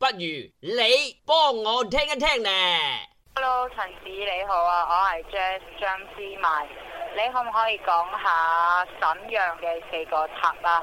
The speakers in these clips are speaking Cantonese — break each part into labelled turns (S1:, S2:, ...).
S1: 不如你幫我聽一聽呢？Hello，陳子你好啊，我係張張思曼。你可唔可以講下瀋陽嘅四個塔啊？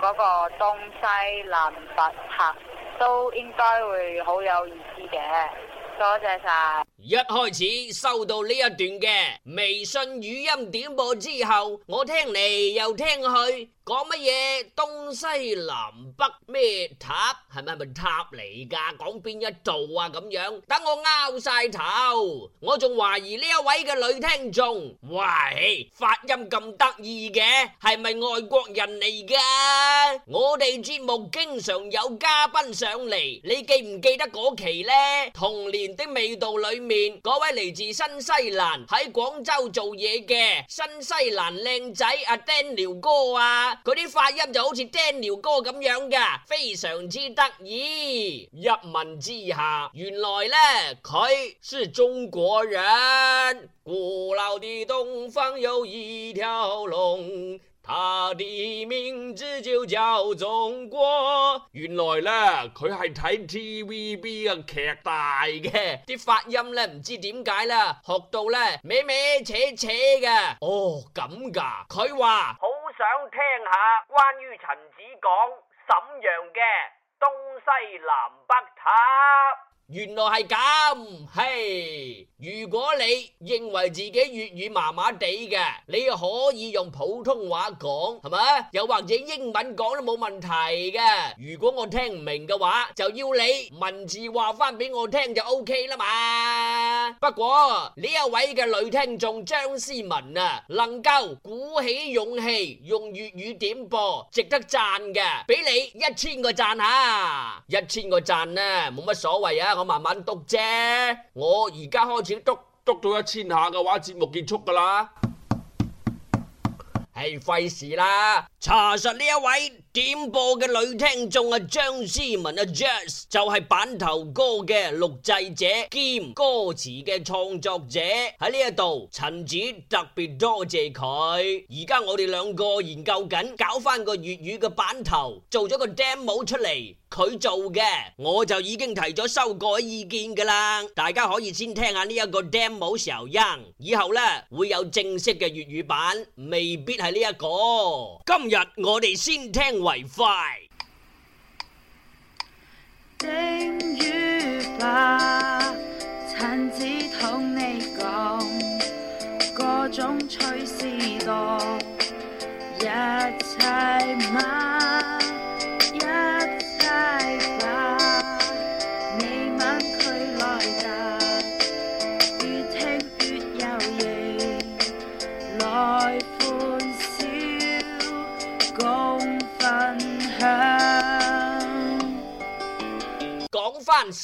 S1: 嗰個東西南北塔都應該會好有意思嘅。多謝晒。一開始收到呢一段嘅微信語音點播之後，我聽嚟，又聽去。講乜嘢東西南北咩塔係咪咪塔嚟噶？講邊一度啊咁樣？等我拗晒頭，我仲懷疑呢一位嘅女聽眾，喂，發音咁得意嘅係咪外國人嚟噶？我哋節目經常有嘉賓上嚟，你記唔記得嗰期呢？《童年的味道》裏面嗰位嚟自新西蘭喺廣州做嘢嘅新西蘭靚仔阿 Daniel 哥啊！佢啲發音就好似 Daniel 哥咁樣嘅，非常之得意。一問之下，原來呢，佢是中國人。古老的東方有一條龍，他的名字就叫中國。原來呢，佢係睇 TVB 嘅劇大嘅，啲發音呢，唔知點解呢，學到呢，歪歪斜斜嘅。哦，咁噶？佢話。想聽下關於陳子講沈陽嘅東西南北塔。原來係咁，嘿！如果你認為自己粵語麻麻地嘅，你又可以用普通話講係嘛，又或者英文講都冇問題嘅。如果我聽唔明嘅話，就要你文字話翻俾我聽就 OK 啦嘛。不過呢一位嘅女聽眾張思文啊，能夠鼓起勇氣用粵語點播，值得讚嘅，俾你一千個讚吓，一千個讚啊，冇乜所謂啊。我慢慢讀啫，我而家開始讀，讀到一千下嘅話，節目結束㗎喇，唉，費事啦。查實呢一位點播嘅女聽眾啊張思文啊 Jazz 就係版頭歌嘅錄製者兼歌詞嘅創作者，喺呢一度陳姐特別多謝佢。而家我哋兩個研究緊搞翻個粵語嘅版頭，做咗個 demo 出嚟，佢做嘅我就已經提咗修改意見噶啦。大家可以先聽下呢一個 demo 先，以後呢會有正式嘅粵語版，未必係呢一個。今日。我哋先聽為快。Fi、霸子同你講各種趣事多，多一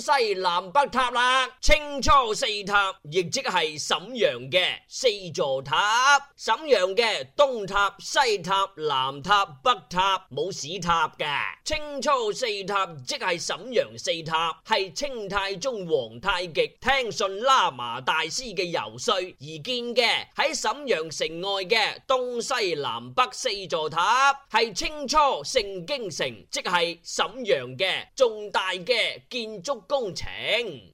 S1: 西南北塔啦，清初四塔亦即係瀋陽嘅四座塔。瀋陽嘅東塔、西塔、南塔、北塔冇市塔嘅。清初四塔即係瀋陽四塔，係清太宗皇太極聽信喇嘛大師嘅遊說而建嘅。喺瀋陽城外嘅東西南北四座塔，係清初盛京城，即係瀋陽嘅重大嘅建築。工程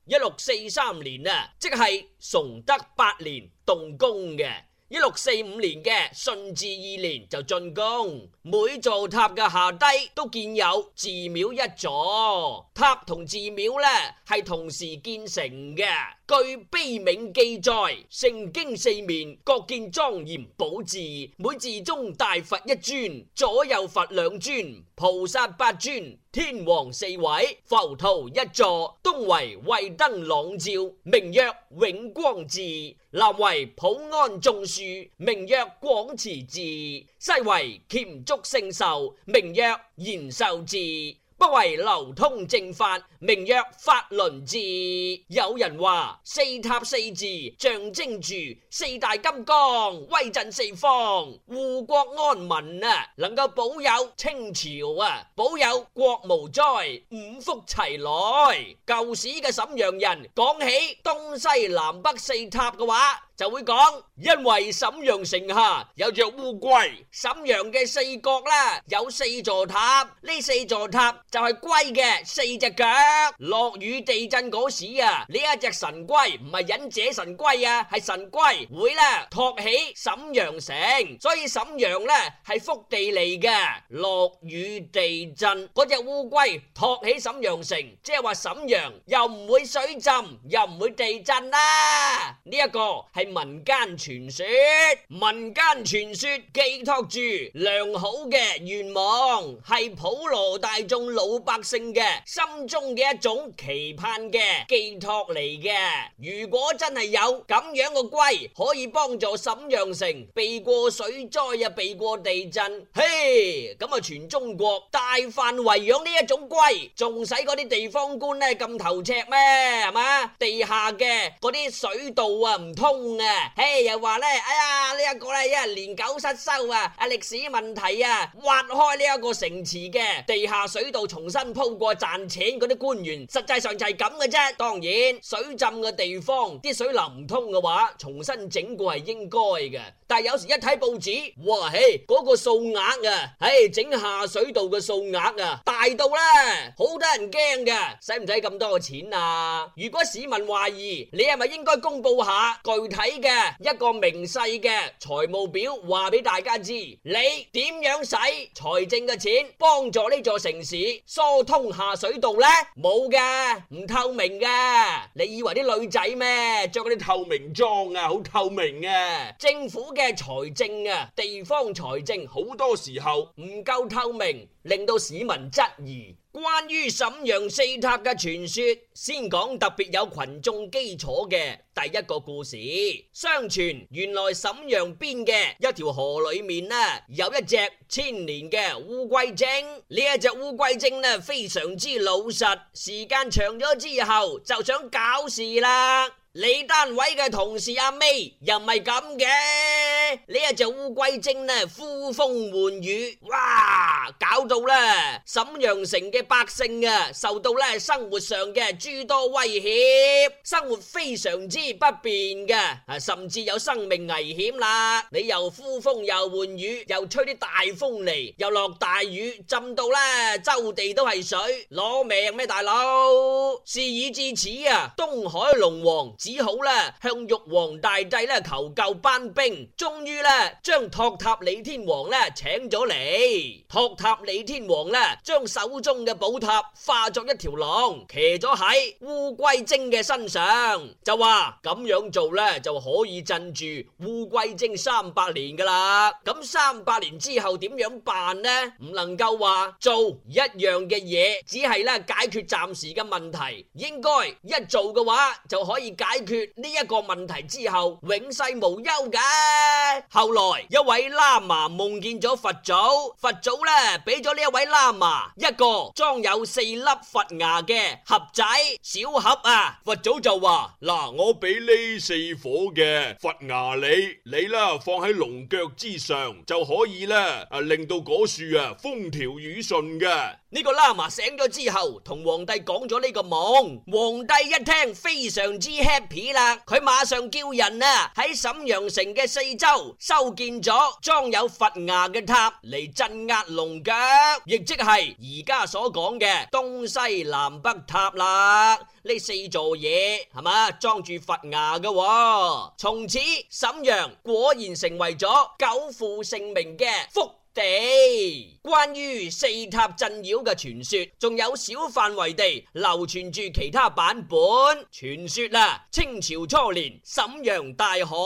S1: 一六四三年啊，即係崇德八年動工嘅，一六四五年嘅順治二年就竣工。每座塔嘅下低都建有寺廟一座，塔同寺廟咧係同時建成嘅。據碑銘記載，盛京四面各建莊嚴寶寺，每寺中大佛一尊，左右佛兩尊，菩薩八尊，天王四位，浮屠一座。東為慧燈朗照，名曰永光寺；南為普安種樹，名曰廣慈寺；西為虔祝聖壽，名曰延壽寺。為流通正法，名曰法輪寺。有人話四塔四字象徵住四大金剛，威震四方，護國安民啊！能夠保佑清朝啊，保佑國無災，五福齊來。舊時嘅沈陽人講起東西南北四塔嘅話。就會講，因為瀋陽城下有隻烏龜，瀋陽嘅四角啦有四座塔，呢四座塔就係龜嘅四隻腳。落雨地震嗰時啊，呢一隻神龜唔係忍者神龜啊，係神龜會啦托起瀋陽城，所以瀋陽咧係福地嚟嘅。落雨地震嗰隻烏龜托起瀋陽城，即係話瀋陽又唔會水浸，又唔會地震啦。呢一個係。民間傳說，民間傳說寄託住良好嘅願望，係普羅大眾老百姓嘅心中嘅一種期盼嘅寄託嚟嘅。如果真係有咁樣個龜可以幫助瀋陽城避過水災啊，避過地震，嘿，咁啊全中國大範圍養呢一種龜，仲使啲地方官咧咁頭赤咩？係嘛，地下嘅啲水道啊唔通。誒，嘿，又話咧，哎呀，呢一個咧，因為年久失修啊，啊歷史問題啊，挖開呢一個城池嘅地下水道，重新鋪過賺錢嗰啲官員，實際上就係咁嘅啫。當然，水浸嘅地方啲水流唔通嘅話，重新整過係應該嘅。但係有時一睇報紙，哇，嘿，嗰個數額啊，嘿，整下水道嘅數額啊，大到啦，好得人驚嘅，使唔使咁多嘅錢啊？如果市民懷疑，你係咪應該公布下具體嘅一個明細嘅財務表，話俾大家知你點樣使財政嘅錢幫助呢座城市疏通下水道呢？冇嘅，唔透明嘅。你以為啲女仔咩？着嗰啲透明裝啊，好透明啊？政府嘅財政啊，地方財政好多時候唔夠透明，令到市民質疑。關於瀋陽四塔嘅傳說，先講特別有群眾基礎嘅第一個故事。相傳原來瀋陽邊嘅一條河裏面呢，有一隻千年嘅烏龜精。呢一隻烏龜精呢，非常之老實，時間長咗之後就想搞事啦。你單位嘅同事阿 May 又唔係咁嘅，你呢隻烏龜精呼風喚雨，哇！搞到啦，瀋陽城嘅百姓啊，受到呢生活上嘅諸多威脅，生活非常之不便嘅，甚至有生命危險啦！你又呼風又喚雨，又吹啲大風嚟，又落大雨，浸到啦，周地都係水，攞命咩大佬？事已至此啊，東海龍王。只好咧向玉皇大帝咧求救班兵，終於咧將托塔李天王咧請咗嚟。托塔李天王咧將手中嘅寶塔化作一條龍，騎咗喺烏龜精嘅身上，就話咁樣做咧就可以鎮住烏龜精三百年噶啦。咁三百年之後點樣辦呢？唔能夠話做一樣嘅嘢，只係咧解決暫時嘅問題。應該一做嘅話就可以解決。解決呢一個問題之後，永世無憂嘅。後來一位喇嘛夢見咗佛祖，佛祖咧俾咗呢一位喇嘛一個裝有四粒佛牙嘅盒仔小盒啊。佛祖就話：嗱，我俾呢四顆嘅佛牙你，你啦放喺龍腳之上就可以啦，啊令到嗰樹啊風調雨順嘅。呢個喇嘛醒咗之後，同皇帝講咗呢個夢，皇帝一聽非常之 happy。啦，佢馬上叫人啊喺瀋陽城嘅四周修建咗裝有佛牙嘅塔嚟鎮壓龍腳，亦即係而家所講嘅東西南北塔啦，呢四座嘢係嘛，裝住佛牙嘅喎。從此瀋陽果然成為咗久負盛名嘅福地關於四塔鎮妖嘅傳說，仲有小範圍地流傳住其他版本傳說啦、啊。清朝初年，瀋陽大旱，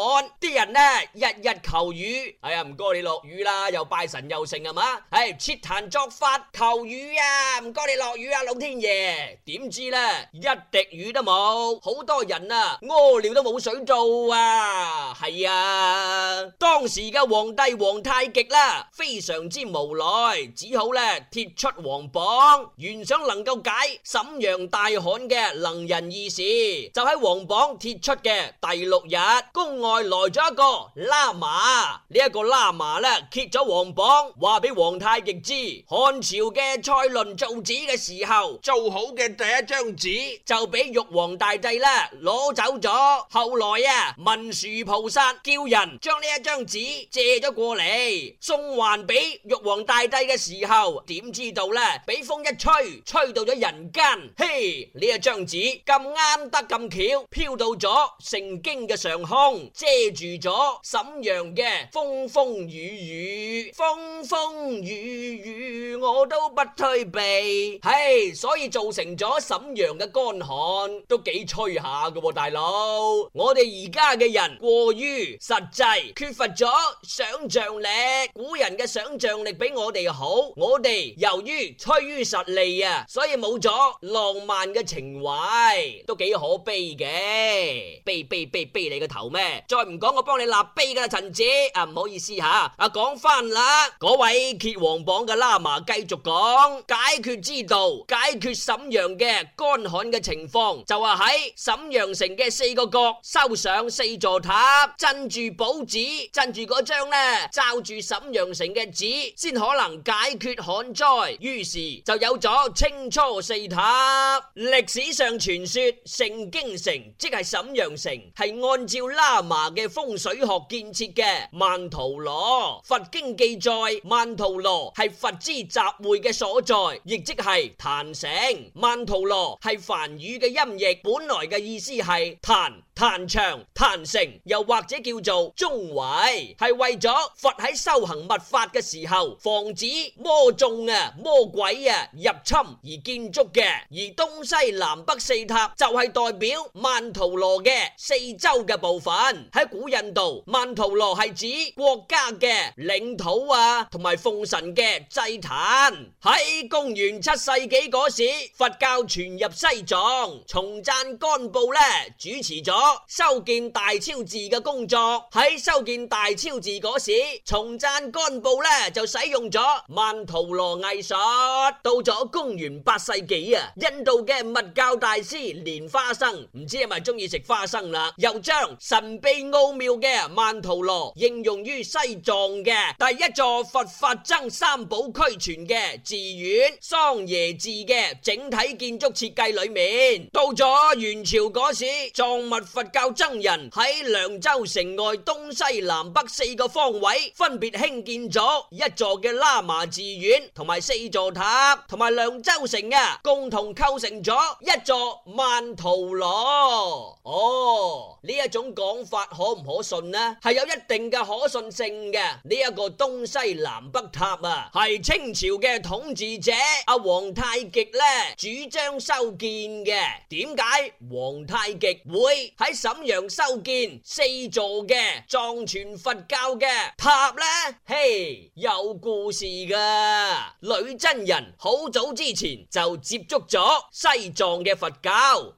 S1: 啲人呢、啊、日日求雨。哎呀，唔該你落雨啦，又拜神又成係、啊、嘛？係設壇作法求雨啊，唔該你落雨啊，老天爺。點知呢一滴雨都冇，好多人啊屙尿都冇水做啊。係啊，當時嘅皇帝皇太極啦、啊，非常之無奈，只好咧貼出皇榜，原想能夠解瀋陽大旱嘅能人異士，就喺皇榜貼出嘅第六日，宮外來咗一個喇嘛，呢、這、一個喇嘛咧揭咗皇榜，話俾皇太極知，漢朝嘅蔡倫造紙嘅時候，做好嘅第一張紙就俾玉皇大帝呢攞走咗，後來啊文殊菩薩叫人將呢一張紙借咗過嚟，送還。俾玉皇大帝嘅時候，點知道呢？俾風一吹，吹到咗人間。嘿，呢一張紙咁啱得咁巧，飄到咗盛京嘅上空，遮住咗沈陽嘅風風雨雨，風風雨雨。我都不推避，係、hey, 所以造成咗沈陽嘅乾旱，都幾吹下噶，大佬。我哋而家嘅人過於實際，缺乏咗想象力。古人嘅想象力比我哋好，我哋由於趨於實力啊，所以冇咗浪漫嘅情懷，都幾可悲嘅。悲悲悲悲，悲你個頭咩？再唔講我幫你立碑噶，陳子啊，唔好意思吓。啊，講翻啦，嗰位揭王榜嘅喇嘛雞。繼續講解決之道，解決瀋陽嘅乾旱嘅情況，就話喺瀋陽城嘅四個角收上四座塔，鎮住寶紙，鎮住嗰張咧，罩住瀋陽城嘅紙，先可能解決旱災。於是就有咗清初四塔。歷史上傳說盛京城，即係瀋陽城，係按照喇嘛嘅風水學建設嘅。曼陀羅佛經記載，曼陀羅係佛之集。集會嘅所在，亦即係壇城。曼陀羅係梵語嘅音譯，本來嘅意思係壇。壇場、壇城，又或者叫做中圍，係為咗佛喺修行密法嘅時候防止魔眾啊、魔鬼啊入侵而建築嘅。而東西南北四塔就係代表曼陀羅嘅四周嘅部分。喺古印度，曼陀羅係指國家嘅領土啊，同埋奉神嘅祭壇。喺公元七世紀嗰時，佛教傳入西藏，松贊干布咧主持咗。修建大昭寺嘅工作。喺修建大昭寺嗰時，松贊干布咧就使用咗曼陀羅藝術。到咗公元八世紀啊，印度嘅密教大師蓮花生，唔知係咪中意食花生啦，又將神秘奧妙嘅曼陀羅應用於西藏嘅第一座佛法僧三寶俱全嘅寺院桑耶寺嘅整體建築設計裏面。到咗元朝嗰時，藏密佛教僧人喺涼州城外東西南北四個方位分別興建咗一座嘅喇嘛寺院，同埋四座塔，同埋涼州城啊，共同構成咗一座曼陀羅。哦，呢一種講法可唔可信呢？係有一定嘅可信性嘅。呢一個東西南北塔啊，係清朝嘅統治者阿皇太極呢主張修建嘅。點解皇太極會喺？喺瀋陽修建四座嘅藏傳佛教嘅塔咧，嘿、hey，有故事噶。女真人好早之前就接觸咗西藏嘅佛教。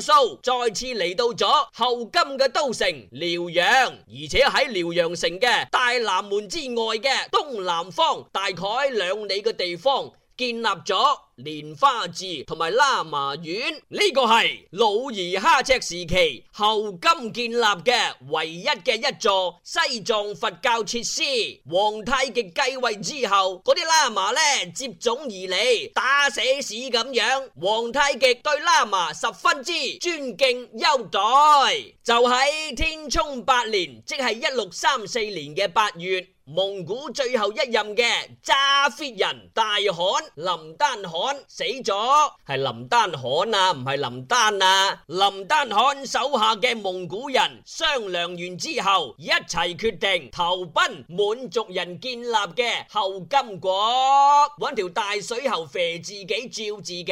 S1: 數再次嚟到咗後金嘅都城遼陽，而且喺遼陽城嘅大南門之外嘅東南方，大概兩里嘅地方。建立咗蓮花寺同埋喇嘛院，呢、這個係努爾哈赤時期後金建立嘅唯一嘅一座西藏佛教設施。皇太極繼位之後，嗰啲喇嘛咧接踵而嚟，打死屎咁樣。皇太極對喇嘛十分之尊敬優待，就喺天聰八年，即係一六三四年嘅八月。蒙古最後一任嘅揸 fit 人大汗林丹汗死咗，係林丹汗啊，唔係林丹啊。林丹汗手下嘅蒙古人商量完之後，一齊決定投奔滿族人建立嘅後金國，搵條大水喉肥自己照自己。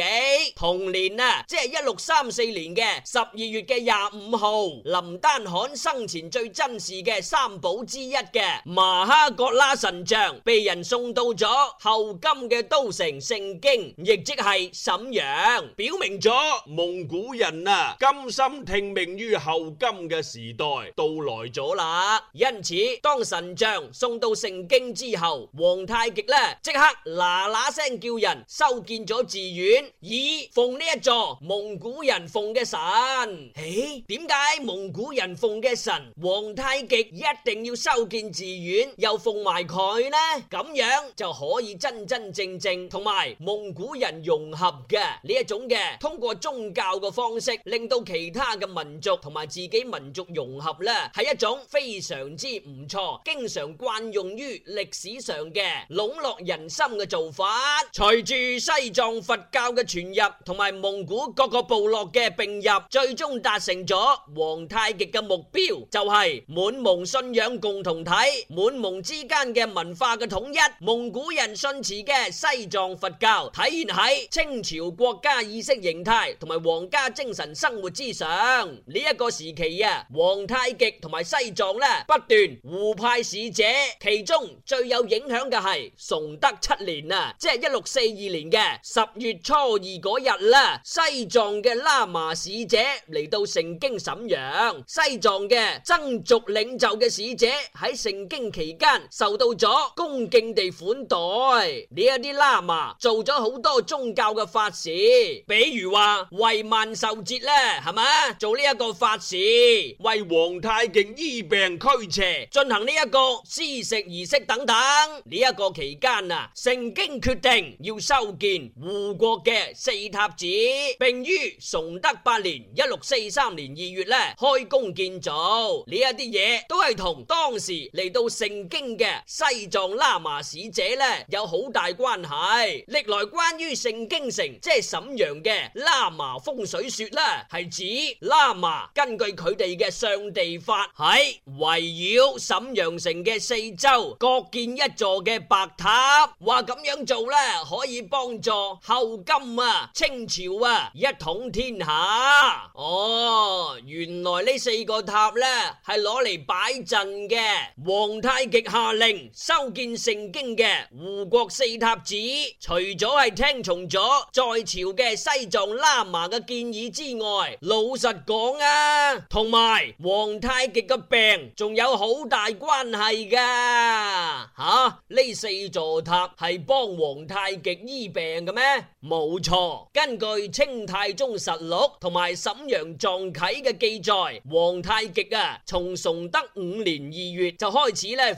S1: 同年啊，即係一六三四年嘅十二月嘅廿五號，林丹汗生前最珍視嘅三寶之一嘅馬哈德國拉神像被人送到咗後金嘅都城盛京，亦即係瀋陽，表明咗蒙古人啊甘心聽命於後金嘅時代到來咗啦。因此，當神像送到盛京之後，皇太極呢即刻嗱嗱聲叫人修建咗寺院，以奉呢一座蒙古人奉嘅神。誒，點解蒙古人奉嘅神，皇太極一定要修建寺院又？奉埋佢呢，咁樣就可以真真正正同埋蒙古人融合嘅呢一種嘅，通過宗教嘅方式令到其他嘅民族同埋自己民族融合呢，係一種非常之唔錯，經常慣用於歷史上嘅籠絡人心嘅做法。隨住西藏佛教嘅傳入同埋蒙古各個部落嘅併入，最終達成咗皇太極嘅目標，就係滿蒙信仰共同體，滿蒙之間嘅文化嘅統一，蒙古人信持嘅西藏佛教，體現喺清朝國家意識形態同埋皇家精神生活之上。呢、這、一個時期啊，皇太極同埋西藏咧不斷互派使者，其中最有影響嘅係崇德七年啊，即係一六四二年嘅十月初二嗰日啦，西藏嘅喇嘛使者嚟到盛京瀋陽，西藏嘅僧俗領袖嘅使者喺盛京期間。受到咗恭敬地款待，呢一啲喇嘛做咗好多宗教嘅法事，比如話為萬壽節咧，係咪做呢一個法事，為皇太極醫病驅邪，進行呢一個施食儀式等等。呢、這、一個期間啊，盛京決定要修建護國嘅四塔寺，並於崇德八年，年（一六四三年）二月咧開工建造。呢一啲嘢都係同當時嚟到盛京，嘅西藏喇嘛使者咧，有好大關係。歷來關於盛京城，即係瀋陽嘅喇嘛風水說咧，係指喇嘛根據佢哋嘅上帝法喺圍繞瀋陽城嘅四周各建一座嘅白塔，話咁樣做咧，可以幫助後金啊清朝啊，一統天下。哦，原來呢四個塔咧係攞嚟擺陣嘅，皇太極。下令修建盛京嘅護國四塔寺，除咗係聽從咗在朝嘅西藏喇嘛嘅建議之外，老實講啊，同埋皇太極嘅病仲有好大關係噶吓。呢四座塔係幫皇太極醫病嘅咩？冇錯，根據《清太宗實錄》同埋《沈陽藏啟》嘅記載，皇太極啊，從崇德五年二月就開始咧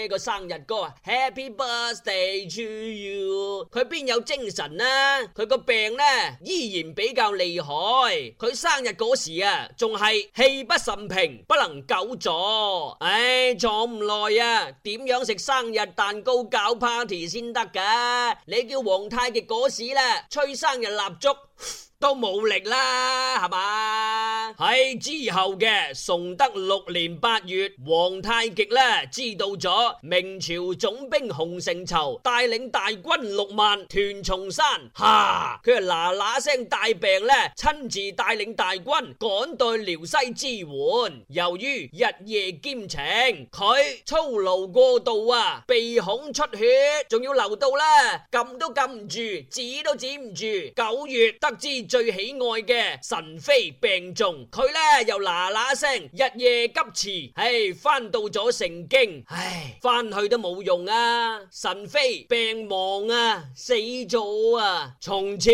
S1: 呢個生日歌啊，Happy Birthday to you，佢邊有精神呢？佢個病呢依然比較厲害，佢生日嗰時啊仲係氣不甚平，不能久坐，唉、哎，坐唔耐啊，點樣食生日蛋糕搞 party 先得噶？你叫皇太極嗰時呢，吹生日蠟燭。都冇力啦，係嘛？喺之後嘅崇德六年八月，皇太極咧知道咗明朝總兵洪承疇帶領大軍六萬屯松山，哈，佢係嗱嗱聲帶病咧，親自帶領大軍趕到遼西支援。由於日夜兼程，佢操勞過度啊，鼻孔出血，仲要流到咧，撳都撳唔住，止都止唔住。九月得知。最喜愛嘅神妃病重，佢咧又嗱嗱聲日夜急馳，唉返到咗盛京，唉返去都冇用啊！神妃病亡啊，死咗啊！從此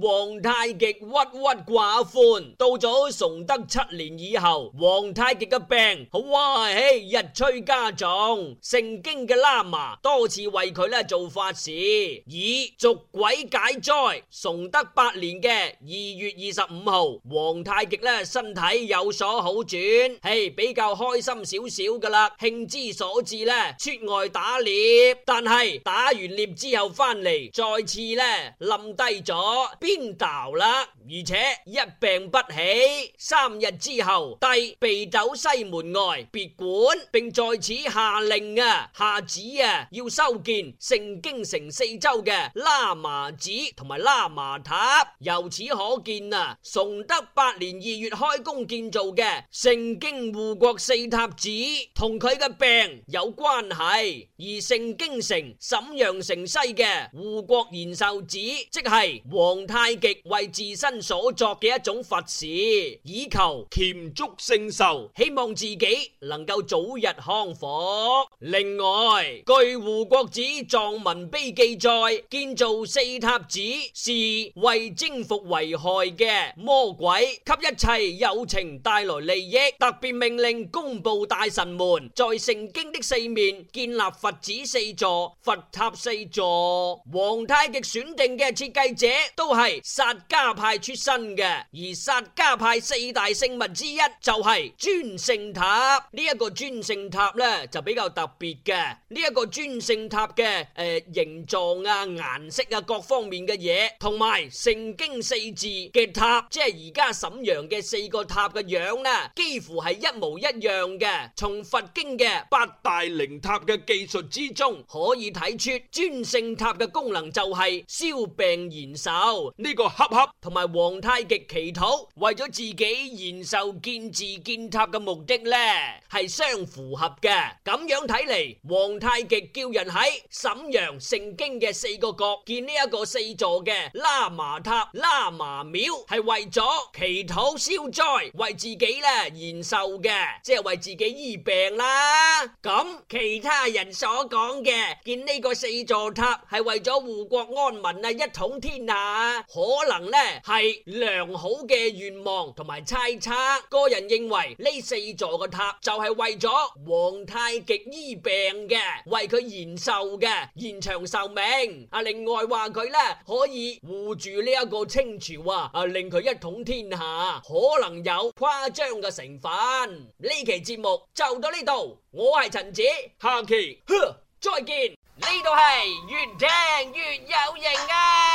S1: 皇太極鬱鬱寡歡。到咗崇德七年以後，皇太極嘅病好歪，日趨加重。盛京嘅喇嘛多次為佢咧做法事，以捉鬼解災。崇德八年嘅。二月二十五號，皇太極咧身體有所好轉，嘿比較開心少少噶啦，興之所至咧出外打獵，但係打完獵之後翻嚟，再次咧冧低咗，邊倒啦，而且一病不起，三日之後，帝被走西門外別館，並在此下令啊，下旨啊，要修建盛京城四周嘅喇嘛寺同埋喇嘛塔，由此。只可見啊，崇德八年二月開工建造嘅盛京護國四塔子同佢嘅病有關係，而盛京城瀋陽城西嘅護國延壽寺，即係皇太極為自身所作嘅一種佛事，以求虔祝聖壽，希望自己能夠早日康復。另外，據護國寺藏文碑記載，建造四塔子是為征服。危害嘅魔鬼，給一切友情帶來利益。特別命令公布大臣們在盛京的四面建立佛寺四座、佛塔四座。皇太極選定嘅設計者都係薩迦派出身嘅，而薩迦派四大聖物之一就係尊聖塔。呢、這、一個尊聖塔呢，就比較特別嘅。呢、這、一個尊聖塔嘅誒、呃、形狀啊、顏色啊、各方面嘅嘢，同埋盛京四。字嘅塔，即係而家沈陽嘅四個塔嘅樣咧，幾乎係一模一樣嘅。從佛經嘅八大靈塔嘅技術之中，可以睇出尊勝塔嘅功能就係消病延壽。呢個恰恰同埋皇太極祈禱為咗自己延壽建寺建塔嘅目的咧，係相符合嘅。咁樣睇嚟，皇太極叫人喺沈陽盛京嘅四個角建呢一個四座嘅喇嘛塔喇。麻廟係為咗祈禱消災，為自己咧延壽嘅，即係為自己醫病啦。咁其他人所講嘅，見呢個四座塔係為咗護國安民啊，一統天下，可能呢係良好嘅願望同埋猜測。個人認為呢四座嘅塔就係為咗皇太極醫病嘅，為佢延壽嘅，延長壽命。啊，另外話佢呢可以護住呢一個清朝啊，令佢一統天下，可能有誇張嘅成分。呢期節目就到呢度，我係陳子，下期，呵，再見。呢度係越聽越有型啊！